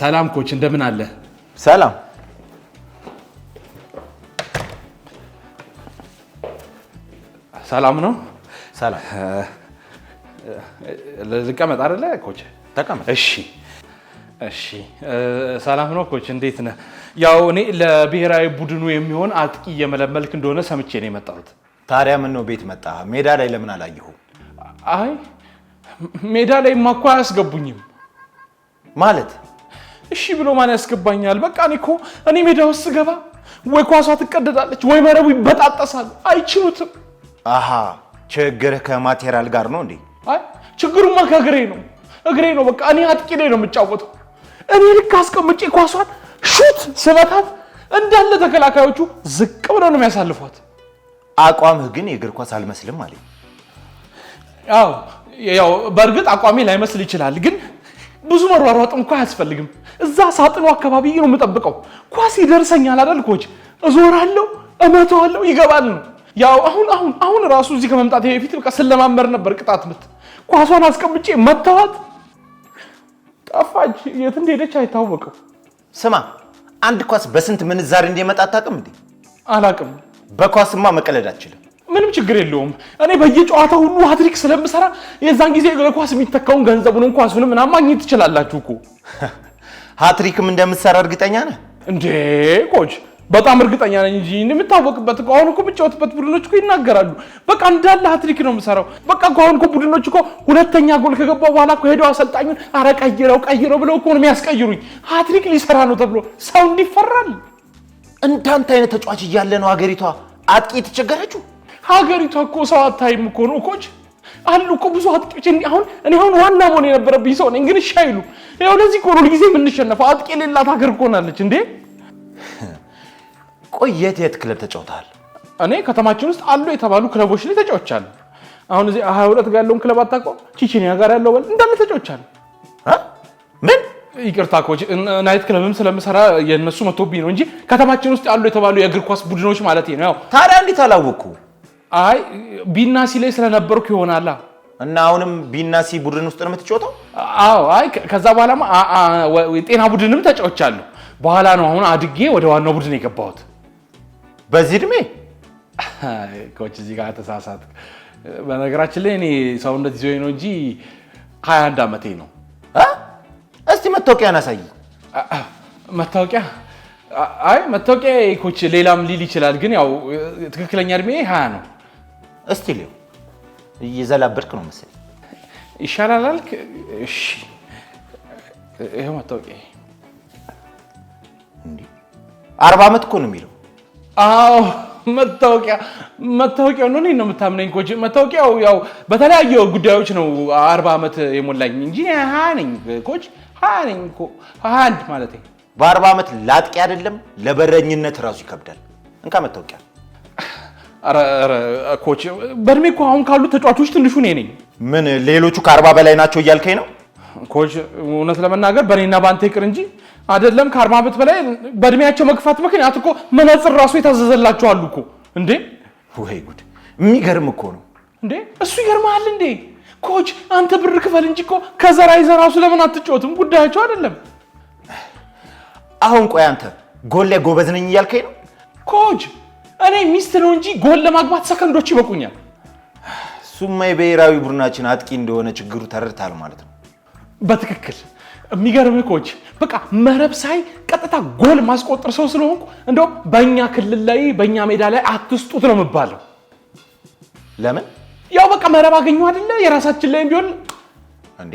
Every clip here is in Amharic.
ሰላም ኮች፣ እንደምን አለ? ሰላም ሰላም ነው። ሰላም ልቀመጥ አይደለ ኮች? ተቀመጥ። እሺ እሺ ሰላም ነው ኮች፣ እንዴት ነህ? ያው እኔ ለብሔራዊ ቡድኑ የሚሆን አጥቂ እየመለመልክ እንደሆነ ሰምቼ ነው የመጣሁት። ታዲያ ምን ነው ቤት መጣ? ሜዳ ላይ ለምን አላየሁ? አይ ሜዳ ላይ ማኳ አያስገቡኝም ማለት። እሺ ብሎ ማን ያስገባኛል? በቃ እኔ እኮ እኔ ሜዳ ውስጥ ስገባ ወይ ኳሷ ትቀደዳለች ወይ መረቡ ይበጣጠሳል። አይችሉትም። አሃ ችግር ከማቴሪያል ጋር ነው እንዴ? አይ ችግሩማ ከእግሬ ነው፣ እግሬ ነው። በቃ እኔ አጥቂ ላይ ነው የምጫወተው እኔ ልክ አስቀምጬ ኳሷን ሹት ስመታት እንዳለ ተከላካዮቹ ዝቅ ብለው ነው የሚያሳልፏት። አቋምህ ግን የእግር ኳስ አልመስልም አለኝ። አዎ ያው በእርግጥ አቋሜ ላይመስል ይችላል፣ ግን ብዙ መሯሯጥ እንኳ አያስፈልግም። እዛ ሳጥኑ አካባቢ ነው የምጠብቀው። ኳስ ይደርሰኛል አይደል ኮች፣ እዞራለሁ፣ እመተዋለሁ፣ ይገባል ነው ያው አሁን አሁን አሁን ራሱ እዚህ ከመምጣት በፊት በቃ ስለማመር ነበር ቅጣት ምት ኳሷን አስቀምጬ መተዋት ጠፋች። የት እንደሄደች አይታወቅም። ስማ አንድ ኳስ በስንት ምንዛሬ እንደመጣ አታውቅም እንዴ? አላውቅም። በኳስማ መቀለድ አችልም። ምንም ችግር የለውም። እኔ በየጨዋታው ሁሉ ሀትሪክ ስለምሰራ የዛን ጊዜ ኳስ የሚተካውን ገንዘቡንም ኳሱንም ና ማግኘት ትችላላችሁ እኮ። ሀትሪክም እንደምትሰራ እርግጠኛ ነህ እንዴ? ኮች? በጣም እርግጠኛ ነኝ እንጂ የምታወቅበት እኮ አሁን እኮ የምጫወትበት ቡድኖች እኮ ይናገራሉ። በቃ እንዳለ ሀትሪክ ነው የምሰራው። በቃ እኮ አሁን እኮ ቡድኖች እኮ ሁለተኛ ጎል ከገባ በኋላ እኮ ሄደው አሰልጣኙን አረ ቀይረው ቀይረው ብለው እኮ ነው የሚያስቀይሩኝ። ሀትሪክ ሊሰራ ነው ተብሎ ሰው እንዲፈራል። እንዳንተ አይነት ተጫዋች እያለ ነው ሀገሪቷ አጥቂ የተቸገረችው። ሀገሪቷ እኮ ሰው አታይም እኮ ነው እኮች አሉ እኮ ብዙ አጥቂዎች። እንዲ አሁን እኔ አሁን ዋና መሆን የነበረብኝ ሰው ነኝ፣ ግን እሺ አይሉ። ያው ለዚህ እኮ ነው ሁልጊዜ የምንሸነፈው። አጥቂ የሌላት ሀገር እኮ ሆናለች እንዴ ቆይ የት የት ክለብ ተጫውተሃል? እኔ ከተማችን ውስጥ አሉ የተባሉ ክለቦች ላይ ተጫውቻለሁ። አሁን እዚህ ሀያ ሁለት ጋር ያለውን ክለብ አታውቀውም? ቺቺኒያ ጋር ያለው በል እንዳለ ተጫውቻለሁ። ምን ይቅርታ ኮች፣ ናይት ክለብም ስለምሰራ የእነሱ መቶብኝ ነው እንጂ ከተማችን ውስጥ ያሉ የተባሉ የእግር ኳስ ቡድኖች ማለት ነው። ያው ታዲያ እንዴት አላወቅኩ? አይ ቢናሲ ላይ ስለነበርኩ ይሆናላ። እና አሁንም ቢናሲ ቡድን ውስጥ ነው የምትጫወተው? አዎ። አይ ከዛ በኋላ ጤና ቡድንም ተጫውቻለሁ። በኋላ ነው አሁን አድጌ ወደ ዋናው ቡድን የገባሁት። በዚህ እድሜ ከውጭ እዚህ ጋር ተሳሳት። በነገራችን ላይ እኔ ሰውነት ይዞኝ ነው እንጂ 21 ዓመቴ ነው። እስቲ መታወቂያ አሳይ። መታወቂያ? አይ መታወቂያ ኮች ሌላም ሊል ይችላል፣ ግን ያው ትክክለኛ እድሜ ሀያ ነው። እስቲ ሊው እየዘላበድክ ነው መሰለኝ። ይሻላል አልክ? እሺ ይኸው መታወቂያ። አርባ ዓመት እኮ ነው የሚለው አዎ መታወቂያ መታወቂያው ነው። እኔን ነው የምታምነኝ ኮች? መታወቂያው ያው በተለያዩ ጉዳዮች ነው አርባ ዓመት የሞላኝ እንጂ ሀያ ነኝ ኮች፣ ሀያ ነኝ እኮ ሀያ አንድ ማለት ነው። በአርባ ዓመት ላጥቂ አይደለም ለበረኝነት ራሱ ይከብዳል። እንካ መታወቂያ ኮች። በእድሜ እኮ አሁን ካሉ ተጫዋቾች ትንሹ እኔ ነኝ። ምን ሌሎቹ ከአርባ በላይ ናቸው እያልከኝ ነው ኮች? እውነት ለመናገር በእኔና በአንተ ይቅር እንጂ አይደለም ከአርባ ዓመት በላይ በእድሜያቸው መግፋት ምክንያት እኮ መነጽር ራሱ የታዘዘላቸዋሉ እኮ እንዴ! ወይ ጉድ! የሚገርም እኮ ነው እንዴ! እሱ ይገርመሃል እንዴ! ኮች አንተ ብር ክፈል እንጂ እኮ ከዘራ ይዘህ ራሱ ለምን አትጫወትም? ጉዳያቸው አይደለም። አሁን ቆይ አንተ ጎል ላይ ጎበዝ ነኝ እያልከኝ ነው? ኮች እኔ ሚስት ነው እንጂ ጎል ለማግባት ሰከንዶች ይበቁኛል። እሱማ የብሔራዊ ቡድናችን አጥቂ እንደሆነ ችግሩ ተረድታል ማለት ነው። በትክክል ሚገርም ኮች በቃ መረብ ሳይ ቀጥታ ጎል ማስቆጠር ሰው ስለሆንኩ እንደው በእኛ ክልል ላይ በእኛ ሜዳ ላይ አትስጡት ነው የምባለው። ለምን? ያው በቃ መረብ አገኙ አይደለ? የራሳችን ላይም ቢሆን እንዴ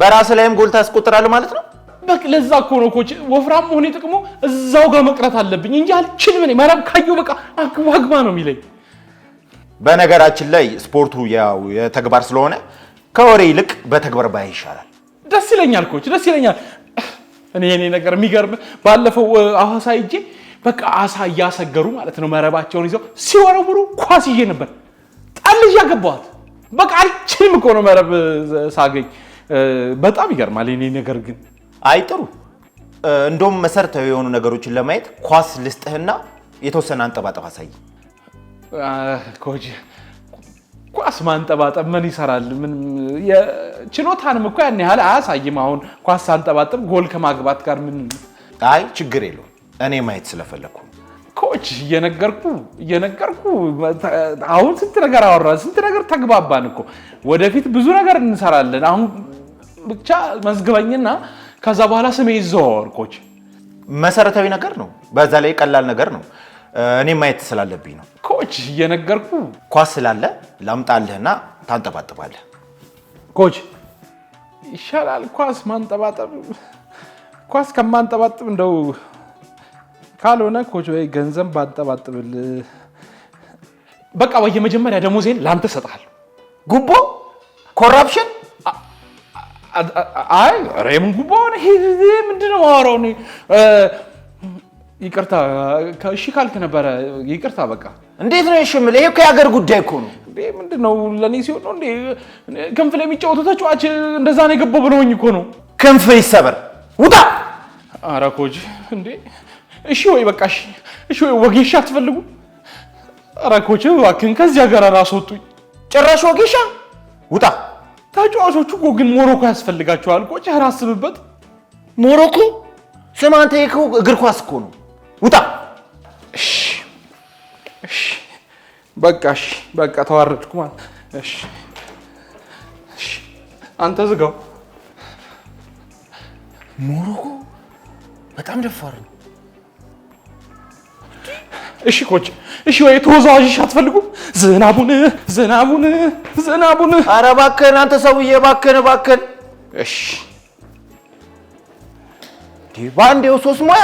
በራስ ላይም ጎል ታስቆጥራለህ ማለት ነው። በቃ ለዛ እኮ ነው ኮች ወፍራም መሆኔ ጥቅሙ እዛው ጋር መቅረት አለብኝ እንጂ አልችልም። እኔ መረብ ካየሁ በቃ አግባ አግባ ነው የሚለኝ። በነገራችን ላይ ስፖርቱ ያው የተግባር ስለሆነ ከወሬ ይልቅ በተግባር ባይ ይሻላል። ደስ ይለኛል ኮች፣ ደስ ይለኛል። እኔ የኔ ነገር የሚገርም ባለፈው አዋሳ ሂጄ በቃ አሳ እያሰገሩ ማለት ነው መረባቸውን ይዘው ሲወረውሩ ኳስ ይዤ ነበር። ጠልጅ ያገባዋት በቃ አልችልም እኮ ነው መረብ ሳገኝ። በጣም ይገርማል የኔ ነገር ግን አይ ጥሩ እንደውም መሰረታዊ የሆኑ ነገሮችን ለማየት ኳስ ልስጥህና የተወሰነ አንጠባጠብ አሳይ። ኮች ኳስ ማንጠባጠብ ምን ይሰራል? ችሎታንም እኮ ያን ያህል አያሳይም። አሁን ኳስ ሳንጠባጥብ ጎል ከማግባት ጋር ምን? አይ ችግር የለውም እኔ ማየት ስለፈለግኩ ኮች እየነገርኩ እየነገርኩ አሁን ስንት ነገር አወራን፣ ስንት ነገር ተግባባን እኮ ወደፊት ብዙ ነገር እንሰራለን። አሁን ብቻ መዝግበኝና ከዛ በኋላ ስሜ ይዘዋወር። ኮች መሰረታዊ ነገር ነው፣ በዛ ላይ ቀላል ነገር ነው። እኔ ማየት ስላለብኝ ነው ኮች እየነገርኩ ኳስ ስላለ ላምጣልህና ታንጠባጥባለህ ኮች ይሻላል ኳስ ማንጠባጠብ ኳስ ከማንጠባጥብ እንደው ካልሆነ ኮች ወይ ገንዘብ ባንጠባጥብል በቃ በየመጀመሪያ ደሞዜን ለአንተ እሰጥሃለሁ። ጉቦ ኮራፕሽን? አይ ሬም ጉቦ ምንድነው ነው ማወራው? ይቅርታ እሺ ካልክ ነበረ። ይቅርታ በቃ እንዴት ነው የሽምል? ይሄ እኮ የሀገር ጉዳይ እኮ ነው። ምንድን ነው ለእኔ ሲሆን ነው እንዴ? ክንፍ ላይ የሚጫወቱ ተጫዋች እንደዛ ነው የገባው ብለውኝ እኮ ነው። ክንፍ ይሰበር ውጣ። ኧረ ኮጅ እንዴ! እሺ ወይ በቃ እሺ፣ እሺ ወይ ወጌሻ አትፈልጉ? ኧረ ኮጅ እባክህን ከዚያ ጋር ራስ ወጡኝ። ጭራሽ ወጌሻ ውጣ። ተጫዋቾቹ እኮ ግን ሞሮኮ ያስፈልጋቸዋል። ቆጭ ኧረ አስብበት። ሞሮኮ ስም አንተ እግር ኳስ እኮ ነው ውጣ። እሺ፣ እሺ፣ በቃ እሺ፣ በቃ ተዋረድኩ ማለት እሺ፣ እሺ። አንተ ዝጋው። ሞሮኮ በጣም ደፋር ነው። እሺ ኮች፣ እሺ ወይ ተወዛዋዥሽ አትፈልጉም? ዝናቡን ዝናቡን ዝናቡን። አረ እባክህን አንተ ሰውዬ እባክህን እባክህን። እሺ በአንዴው ሶስት ሙያ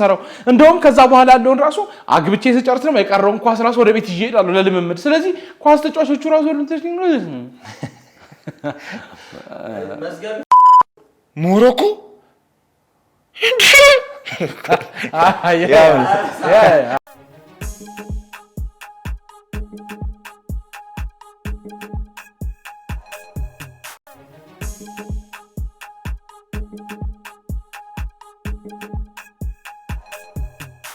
የምሰራው። እንደውም ከዛ በኋላ ያለውን ራሱ አግብቼ ስጨርስ ነው የቀረውን ኳስ ራሱ ወደ ቤት ይዤ እሄዳለሁ ለልምምድ። ስለዚህ ኳስ ተጫዋቾቹ ራሱ ሞሮኮ